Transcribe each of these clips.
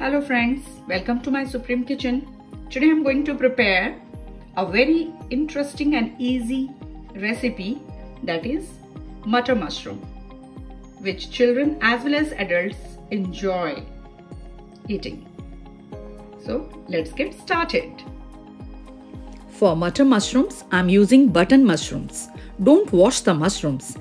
Hello friends, welcome to my Supreme Kitchen. Today I'm going to prepare a very interesting and easy recipe that is mutter mushroom which children as well as adults enjoy eating. So let's get started. For mutter mushrooms, I'm using button mushrooms. Don't wash the mushrooms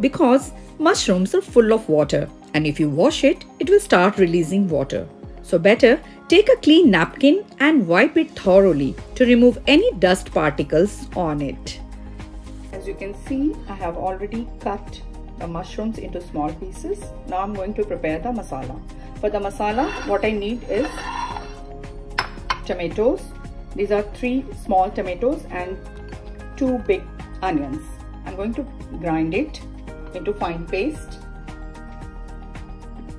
because mushrooms are full of water and if you wash it, it will start releasing water. So better take a clean napkin and wipe it thoroughly to remove any dust particles on it. As you can see, I have already cut the mushrooms into small pieces. Now I'm going to prepare the masala. For the masala, what I need is tomatoes. These are three small tomatoes and two big onions. I'm going to grind it into fine paste.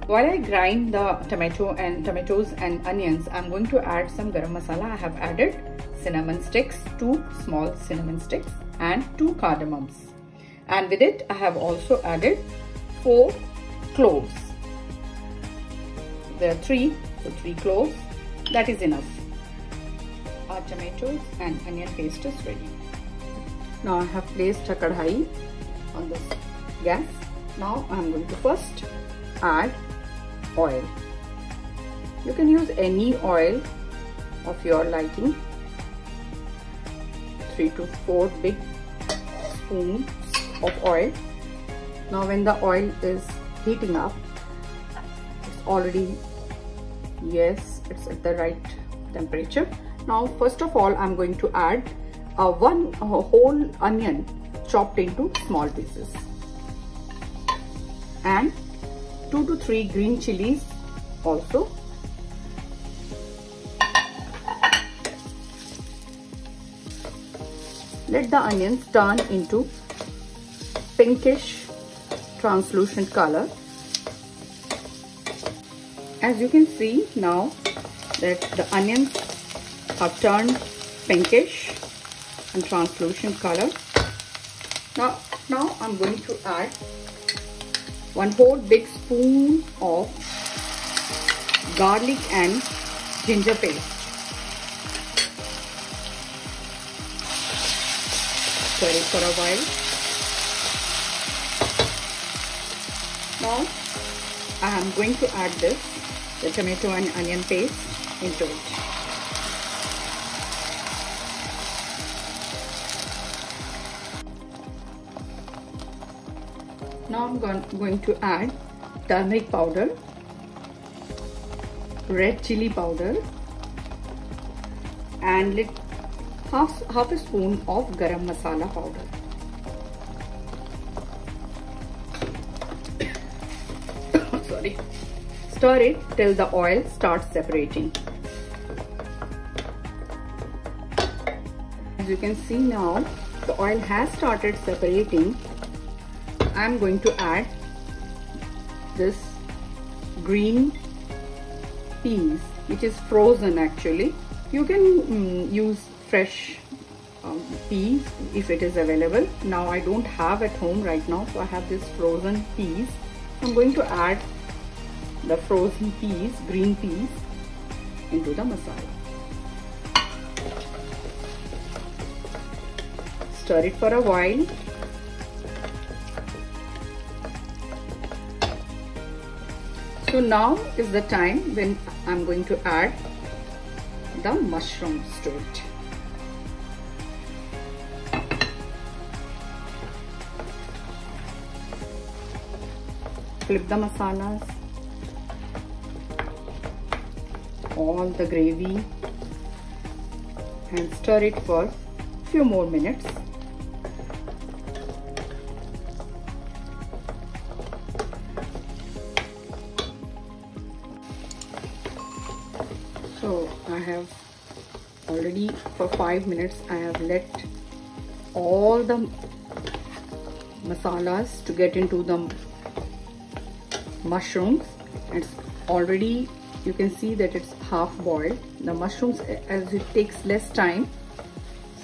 While I grind the tomato and tomatoes and onions, I'm going to add some garam masala. I have added cinnamon sticks, two small cinnamon sticks and two cardamoms. And with it, I have also added four cloves. There are three, so three cloves. That is enough. Our tomatoes and onion paste is ready. Now I have placed a kadhai on this gas. Now I am going to first add oil. You can use any oil of your liking. 3 to 4 big spoon of oil. Now when the oil is heating up, it's already, yes, it's at the right temperature. Now first of all, I'm going to add uh, one uh, whole onion chopped into small pieces and 2 to 3 green chilies also let the onions turn into pinkish translucent color as you can see now that the onions have turned pinkish and translucent color now now i'm going to add 1 whole big spoon of garlic and ginger paste. Stir it for a while. Now I am going to add this, the tomato and onion paste into it. now I'm going to add turmeric powder, red chili powder and half, half a spoon of garam masala powder. Sorry. Stir it till the oil starts separating. As you can see now, the oil has started separating I'm going to add this green peas which is frozen actually you can mm, use fresh um, peas if it is available now I don't have at home right now so I have this frozen peas I'm going to add the frozen peas green peas into the masala stir it for a while So now is the time when I'm going to add the mushrooms to it. Flip the masalas, all the gravy and stir it for few more minutes already for five minutes I have let all the masalas to get into the mushrooms it's already you can see that it's half boiled the mushrooms as it takes less time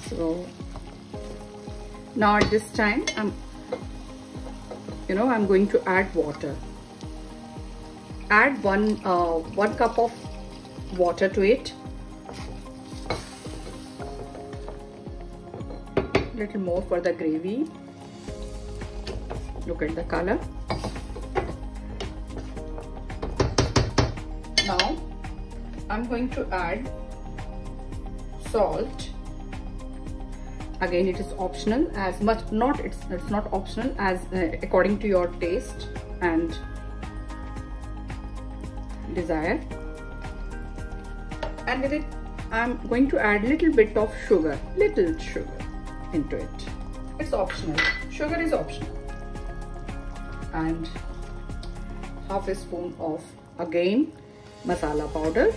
so now at this time I'm you know I'm going to add water add one uh, one cup of water to it little more for the gravy look at the color now I'm going to add salt again it is optional as much not it's it's not optional as uh, according to your taste and desire and with it I'm going to add little bit of sugar little sugar into it. It's optional. Sugar is optional. And half a spoon of again masala powder.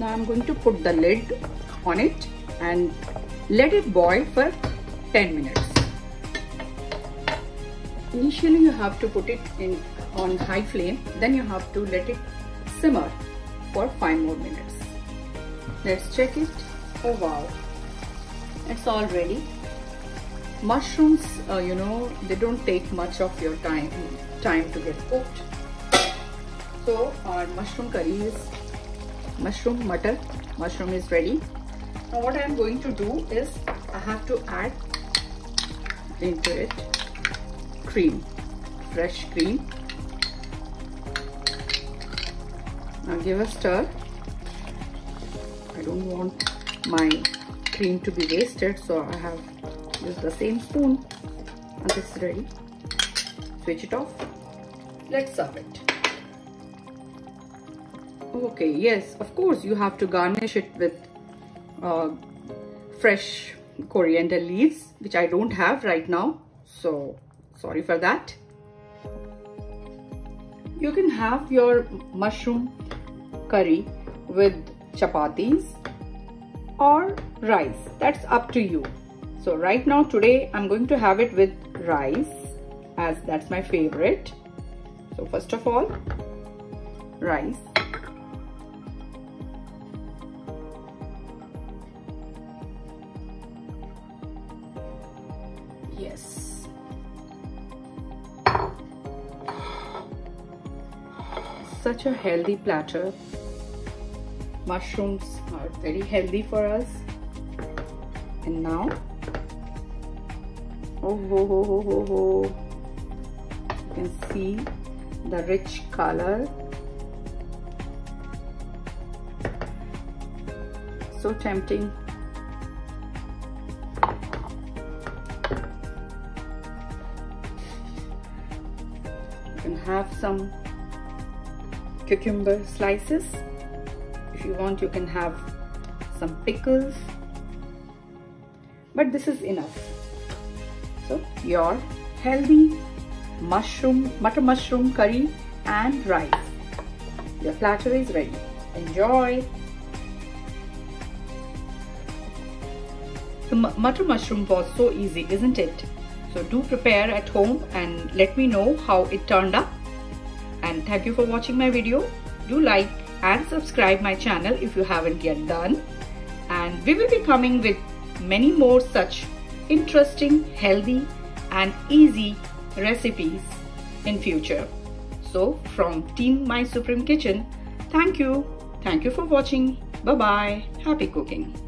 Now I'm going to put the lid on it and let it boil for 10 minutes. Initially you have to put it in on high flame then you have to let it simmer for 5 more minutes. Let's check it. Oh wow. It's all ready. Mushrooms, uh, you know, they don't take much of your time time to get cooked. So our mushroom curry is mushroom mutter. Mushroom is ready. Now what I am going to do is I have to add into it cream, fresh cream. Now give a stir I don't want my cream to be wasted so I have used the same spoon and it's ready switch it off let's serve it okay yes of course you have to garnish it with uh, fresh coriander leaves which I don't have right now so sorry for that you can have your mushroom curry with chapatis or rice that's up to you so right now today I'm going to have it with rice as that's my favorite so first of all rice yes such a healthy platter mushrooms are very healthy for us and now oh ho ho ho ho ho you can see the rich color so tempting you can have some cucumber slices if you want you can have some pickles but this is enough so your healthy mushroom butter mushroom curry and rice your platter is ready enjoy the butter mushroom was so easy isn't it so do prepare at home and let me know how it turned up and thank you for watching my video do like and subscribe my channel if you haven't yet done. And we will be coming with many more such interesting, healthy and easy recipes in future. So from Team My Supreme Kitchen, thank you. Thank you for watching. Bye-bye. Happy cooking.